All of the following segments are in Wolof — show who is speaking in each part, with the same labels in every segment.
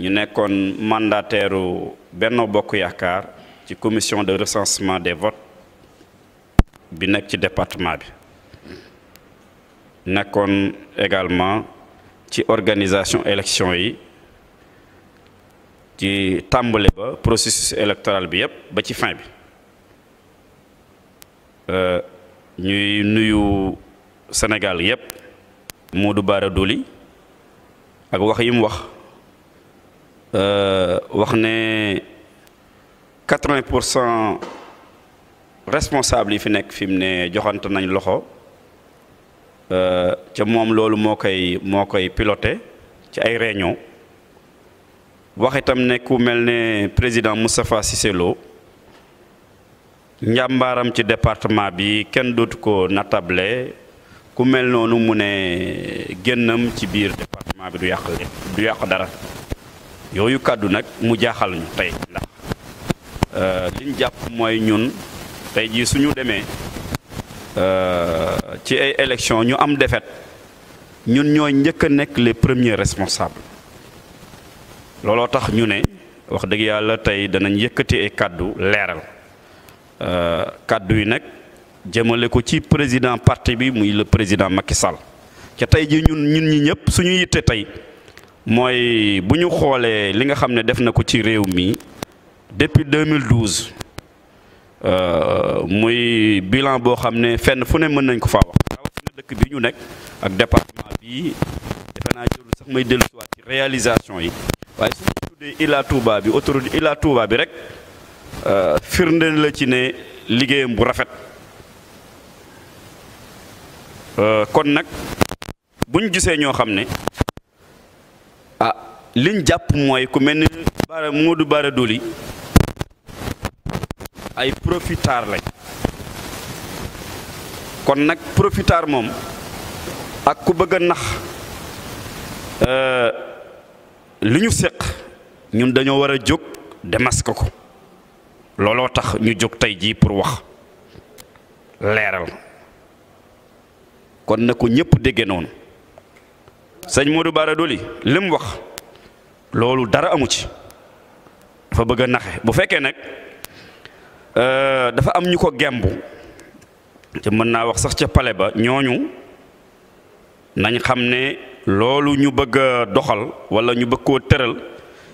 Speaker 1: Nous avons mandataire beno Benno Bokk Yaakaar commission de recensement des votes bi nekk département Nous avons également ci organisation élection qui ci le processus électoral Nous sommes ba ci fin bi euh, ñuy nuyu Sénégal euh, wax 80% responsable yi fi nek fi mu ne joxante nañ loxo euh, ca moom loolu moo koy moo koy piloté ci ay réunion wax itam ne ku mel président Moustapha Cissélo Lo ci département bi kenn dootu ko natable ku mel nonu mu ne génnam ci biir département bi du yak du yak dara yooyu kàddu nag mu jaaxal ñu tey ndax euh, liñ jàpp mooy ñun tey jii suñu demee euh, ci ay élection ñu am défaite ñun ñooy njëkk a nekk les premiers responsables looloo tax ñu ne wax dëgg yàlla tey danañ yëkkati ay kàddu leeral euh, kàddu yi nag jëmale ko ci président partie bi muy le président Macky Sall ca tey ji ñun ñun ñi ñëpp suñu yitte tey moy buñu xolé li nga xamné ne def na ko ci réew mi depuis 2012 euh moy bilan bo xamné fenn fune ne mën nañ ko fa wax rawatina dëkk bi ñu nekk ak département bi defe naa jëlu sax may dellusiwaat ci réalisation yi waye su tuddé Ila Touba bi autoroute Ila Touba bi rek euh firndeel la ci né liggéeyam bu rafet euh kon nak buñu ñu ño xamné liñ jàpp mooy ku mel ni Bara Modou Bara Dolly ay profiteurs lañ kon nag profitar moom ak ku bëgg nax euh, li ñu séq ñun dañoo war a jóg démasqué ko looloo tax ñu jóg tey jii pour wax leeral kon na ko ñëpp dégge noonu sëñ Modou Bara Dolly li mu wax. loolu dara amu ci dafa bëgg a naxe bu fekkee nag euh, dafa am ñu ko gembu te mën naa wax sax ca pale ba ñooñu nañ xam ne loolu ñu bëgg a doxal wala ñu bëgg koo tëral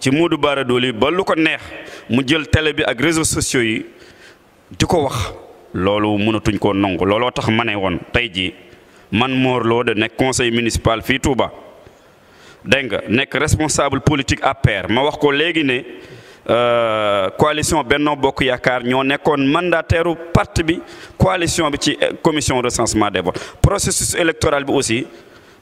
Speaker 1: ci Modou Bara Dolly ba lu ko neex mu jël tele bi ak réseau sociaux yi di ko wax loolu mënatuñ koo nangu looloo tax ma ne woon tey jii man Mor Lo de nekk conseil municipal fii Touba. Denga, nga nekk responsable politique APR ma wax ko léegi ne euh, coalition Benno Bokk yakar ño nekkoon mandataire parti bi coalition bi ci euh, commission recensement des votes processus électoral bi aussi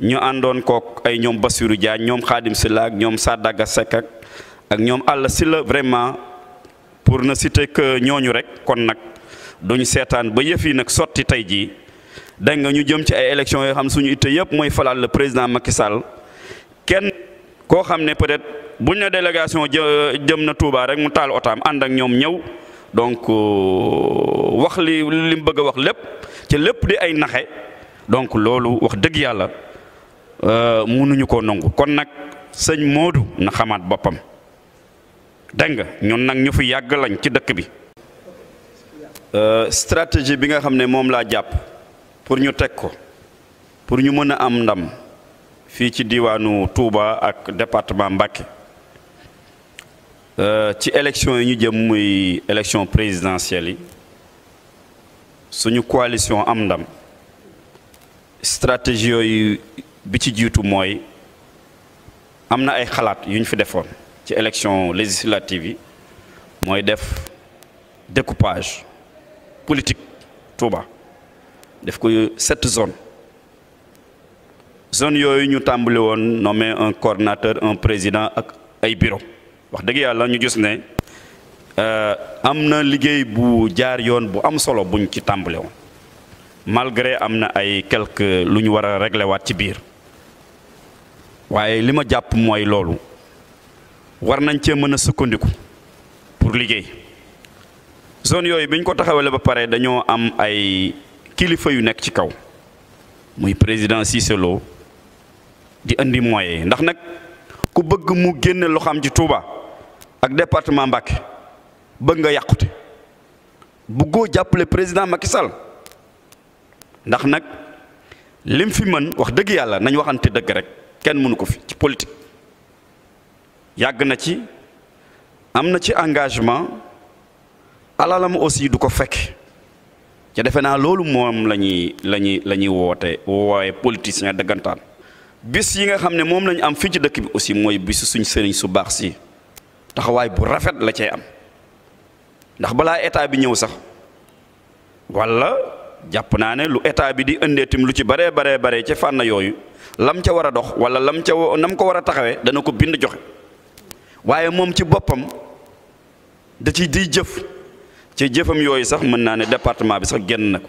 Speaker 1: ñu andone ko ay ñom Bassirou dia ñom Khadim silak ñom Sadaga sek, ak ñom ñoom sila vraiment pour ne citer que ñoñu rek kon nak duñu sétane ba yëf nak sorti tay ji jii nga ñu jëm ci ay élections yo xam suñu itte yépp moy falal le président Macky Sall. kenn koo xam ne peut-être buñ na délégation jëm na Touba rek mu taal otaam ànd ak ñoom ñëw donc euh, wax li li mu bëgg a wax lépp ci lépp di ay naxe donc loolu wax dëgg yàlla euh, mënuñu ko nangu kon nag sëñ Modou na xamaat boppam dégg nga ñun nag ñu fi yàgg lañ ci dëkk bi. Euh, stratégie bi nga xam ne moom laa jàpp pour ñu teg ko pour ñu mën a am ndam. fi ci diwaanu Touba ak département euh ci élection yi ñu jëm muy élection présidentielle yi suñu coalition am ndam stratégie yooyu bi ci jitu moy amna ay xalat yuñ fi defoon ci élection législative yi def découpage politique Touba def ko sept zones zone yooyu ñu tàmbali woon nommé un cordinateur un président ak ay bureau wax dëgg yàlla ñu gis ne euh, am na liggéey bu jaar yoon bu am solo buñ ci tàmbali woon malgré am na ay quelque lu ñu war a réglé waat ci biir waaye li ma jàpp mooy loolu war nañ cee mën a sukkandiku pour liggéey zone yooyu bi ñu ko taxawale ba pare dañoo am ay kilifa yu nekk ci kaw muy président Cissé di indi moyens ndax nag ku bëgg mu génne loo xam ci Touba ak département Mbacké bëgg nga yàqute bëggoo jàppale président Macky sal ndax nag lim fi mën wax dëgg yàlla nañ waxante dëgg rek kenn mënu ko fi ci politique yàgg na ci am na ci engagement alalam aussi du ko fekk ca defe naa loolu moom la ñuy la ñuy la ñuy woote woowe politicien dëggantaan bis yi nga xam ne moom lañu am fii ci dëkk bi aussi mooy bisu suñ sëriñ su baax si taxawaay bu rafet la cee am ndax balaa état bi ñëw sax walla jàpp naa ne lu état bi di ëndeetim lu ci baree baree baree ca fànn yooyu lam ca war a dox walla lam ca nam ko war a taxawee dana ko bind joxe waaye moom ci boppam da ci di jëf ci jëfam yooyu sax mën naa ne département bi sax génn na ko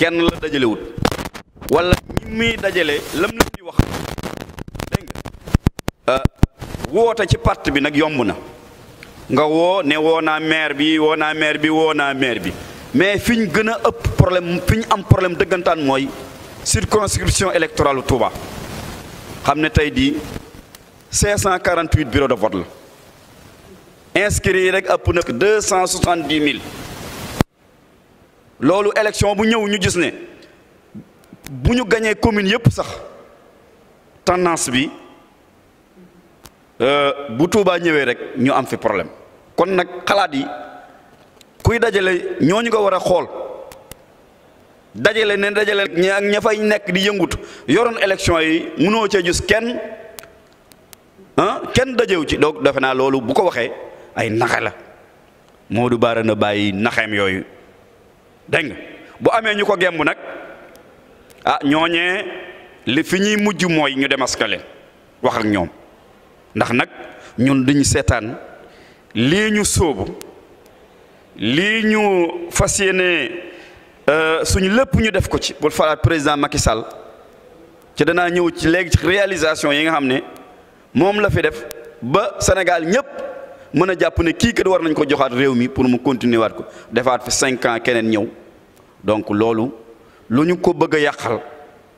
Speaker 1: kenn la dajalewut wala ñi muy dajale lam lam di wax dégg nga euh, woote ci parti bi nag yomb na nga woo ne woo naa maire bi woo naa bi woo naa maire bi mais fi ñu gën a ëpp problème fi ñu am problème dëggantaan mooy circonscription électorale Touba xam ne tey di 548 bureau de vote la inscrits yi rek ëpp na 270 000 loolu élection bu ñëw ñu gis ne bu ñu gañee commune yépp sax tendance bi euh, bu Touba ñëwee rek ñu am fi problème kon nag xalaat yi kuy dajale ñooñu ko war a xool dajale ne dajale ak ña fay nekk di yëngut yoroon élection yi mënoo cee gis kenn ah kenn dajewu ci donc defe naa loolu bu ko waxee ay naxe la du Bara na bàyyi naxeem yooyu dégg nga bu amee ñu ko gemb nag ah ñooñee li fi ñuy mujj mooy ñu demaska leen wax ak ñoom ndax nag ñun ñu seetaan lii ñu sóobu lii ñu fas yéene euh, suñu lépp ñu def ko ci bul falaat président Macky Sall ci danaa ñëw ci léegi réalisation yi nga xam ne moom la fi def ba Sénégal ñëpp mën a jàpp ne kii kat war nañ ko joxaat réew mi pour mu continuer waat ko defaat fi cinq ans keneen ñëw donc loolu lu ñu ko bëgg a yàqal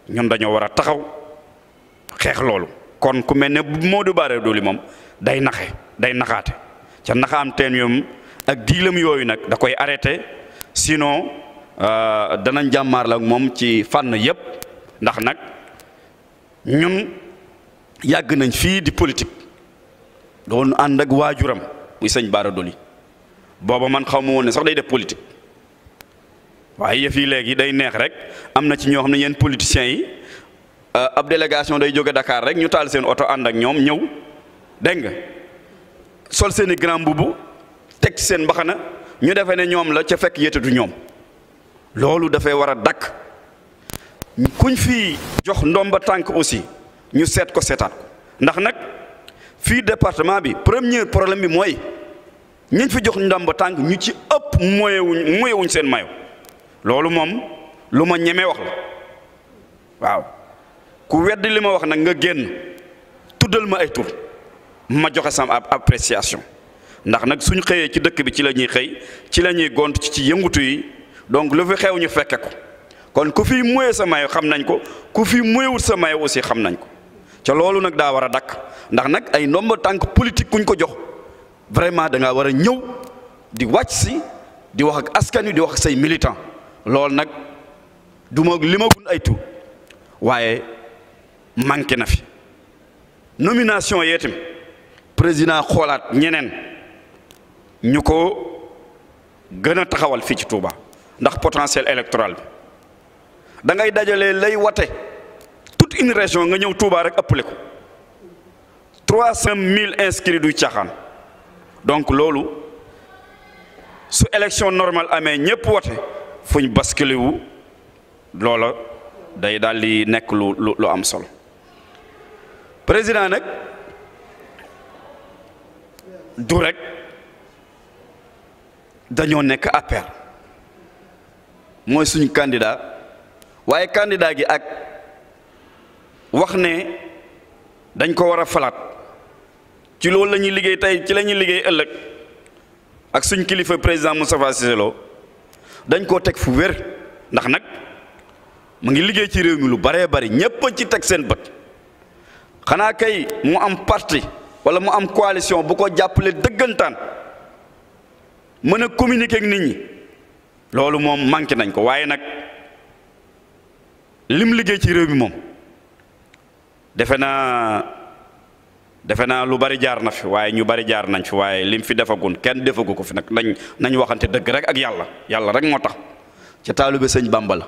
Speaker 1: ñun dañoo war a taxaw xeex loolu kon ku mel ne Modou Bara Dolly moom day naxe day naxaate ca naxaam teen yoom ak diilam yooyu nag da koy arrêté sinon euh, danañ jàmmaar la moom ci fànn yëpp ndax nag ñun yàgg nañ fii di politique nga and ak wajuram muy seigne Bara Dolly booba man xaw sax day def politique waye yëf legui day neex rek amna ci ñoo xam ne politiciens yi euh, ab délégation day joge Dakar rek ñu tal seen auto and ak ñom ñew dégg nga sol seen grand boubou. tek seen mbaxana ñu defee ne ñoom la ca fekk yëtatu ñom loolu dafay wara dak kuñ fi jox ndomba tank aussi ñu set ko setat ko ndax nak fii département bi première problème bi mooy ñu fi jox ndomb tànk ñu ci ëpp moyewuñ moyewuñ seen mayo loolu moom lu ma ñemee wax la waaw ku wedd li ma wax nag nga génn tuddal ma ay tur ma joxe sam ab appréciation ndax nag suñ xëyee ci dëkk bi ci la ñuy xëy ci la ñuy gont ci ci yëngutu yi donc lu fi xew ñu fekke ko kon ku fi moye sa mayo xam nañ ko ku fi moyewut sa mayo aussi xam nañ ko ca loolu nag daa war a dakk ndax nag ay ndomba tànk politique kuñ ko jox vraiment da ngaa war a ñëw di wàcc si di wax ak askan wi di wax ak say militant loolu nag du ma limagun ay tur waaye manqué na fi nomination yee itam président xoolaat ñeneen ñu ko gën a taxawal fii ci Touba ndax potentiel électoral bi da ngay dajalee lay wate toute une région nga ñëw Touba rek ëppale ko 300000 inscrits du caaxaan donc lolu su élection normale amé ñëpp voté fuñ basculé wu lolu day daal di nekk lu lu am solo président nak du rek dañoo nekk APR moy suñu candidat waye candidat gi ak. wax ne dañ ko war a falaat ci loolu lañuy liggéey tey ci lañuy liggéey ëllëg ak suñ kilifa président Moustapha Cissé dañ koo teg fu wér ndax nag mu ngi liggéey ci réew mi lu baree bari ñépp ci teg seen bët xanaa kay mu am parti wala mu am coalition bu ko jàppale dëggantaan mën a communiquer nit ñi loolu moom manqué nañ ko waaye nag lim liggéey ci réew mi moom defe naa defe naa lu bari jaar na fi waaye ñu bari jaar nañ fi waaye lim fi defagun kenn defagu ko fi nag nañ nañ waxante dëgg rek ak yàlla yàlla rek moo tax ca taalibe sëñ Bàmba la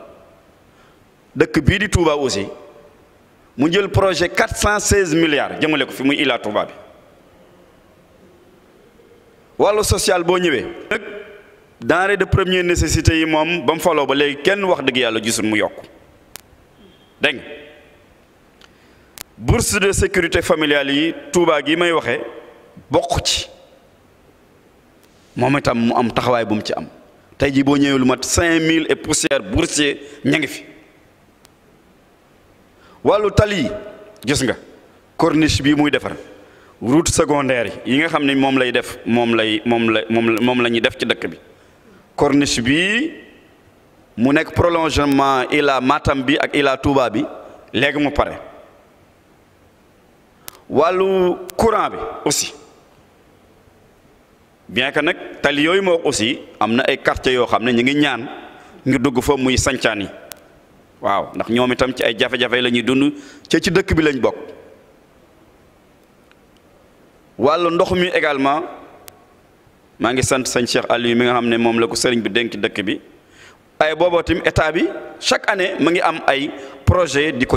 Speaker 1: dëkk bii di Touba aussi mu jël projet 416 milliards jëmale ko fi muy illaa Touba bi wàllu social boo ñëwee nag de premier nécessité yi moom ba mu faloo ba léegi kenn wax dëgg yàlla gisul mu yokk dégg bourse de sécurité familiale yi Touba gi may waxe bokk ci moom itam mu am taxawaay bu mu ci am tey jii boo ñëwee lu mat cinq mille et poussière boursier ña ngi fi wàllu tali gis nga corniche bi muy defar route secondaire yi nga xam ni moom lay def moom lay moom la moom moom la ñuy def ci dëkk bi corniche bi mu nekk prolongement ila Matam bi ak ila Touba bi léegi mu pare walu courant aussi bien que nak tal yoy aussi amna ay quartiers yo xamne ñi ngi ñaan ngi dugg fa muy santiani waaw ndax ñoom itam ci ay dund ci dëkk bi lañ ndox également ngi Cheikh mi nga chaque année am projet diko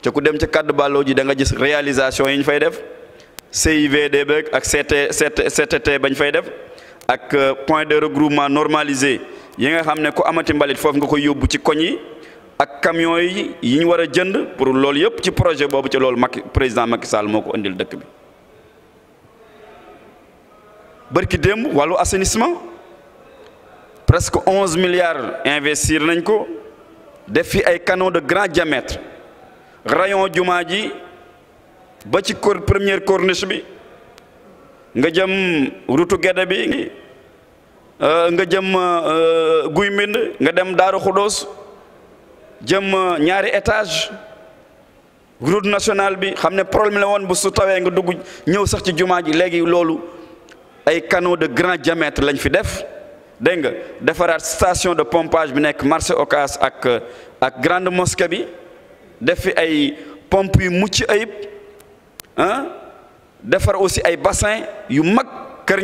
Speaker 1: ci ku dem ci kaddu bàlloo ji da nga gis réalisation yiñ fay def CIVD beeg ak CT CTT bañ fay def ak euh, point de regroupement normalisé yi nga xamné ne ku amati mbalit fofu nga koy yóbbu ci koñ yi ak camion yi yiñ wara jënd pour lool yëpp ci projet bobu ci lool Macky président Macky Sall moko andil dëkk bi barki dem walu assainissement presque 11 milliards investir nañ ko def fi ay canaux de grand diamètre rayon Djumadi, ji ba ci cor première corniche bi nga jëm route bi euh, nga jëm euh, euh, étage nationale bi problème la won bu su nga sax canaux de grand diamètre lañ fi def station de pompage bi nek marché cas ak ak grande mosquée bi défi fi ay pompe yu mucc ayib ah hein? défar aussi ay bassin yu mag Kër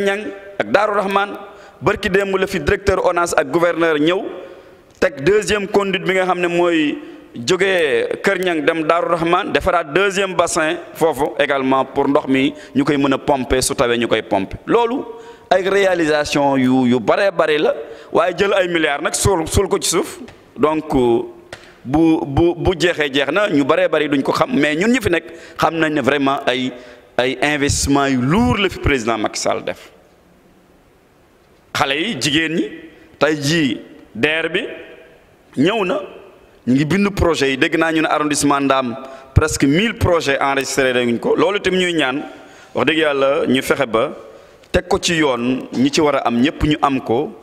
Speaker 1: ak Daaru Rahman barki démb la fi directeur ONAS ak gouverneur ñëw tek deuxième conduite bi nga xam ne mooy jógee dem Daaru Rahman defaraat deuxième bassin foofu également pour ndox mi ñu koy mën a pomper su tawee ñu koy pomper lolu ay réalisation yu yu bare bare la waaye jël ay milliards nak suul ko ci suuf donc bu bu bu jeexee jeex na ñu bëree bëri duñ ko xam mais ñun ñu fi nekk xam nañ ne vraiment ay ay investissement yu lourd la fi président Macky Sall def xale yi jigéen ñi tey jii DER bi ñëw na ñu ngi bind projet yi dégg naa ñu ne arrondissement ndaam presque 1000 projets enregistré nañ ko loolu itam ñuy ñaan wax dëgg yàlla ñu fexe ba teg ko ci yoon ñi ci war a am ñëpp ñu am ko.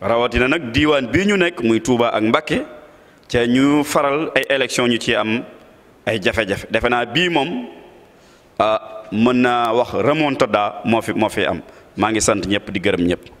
Speaker 1: rawatina nag diwaan bii ñu nekk muy Touba ak Mbacké ca ñu faral ay élection ñu ci am ay jafe-jafe defe naa bii moom ah mën naa wax remontada moo fi moo fi am maa ngi sant ñëpp di gërëm ñëpp.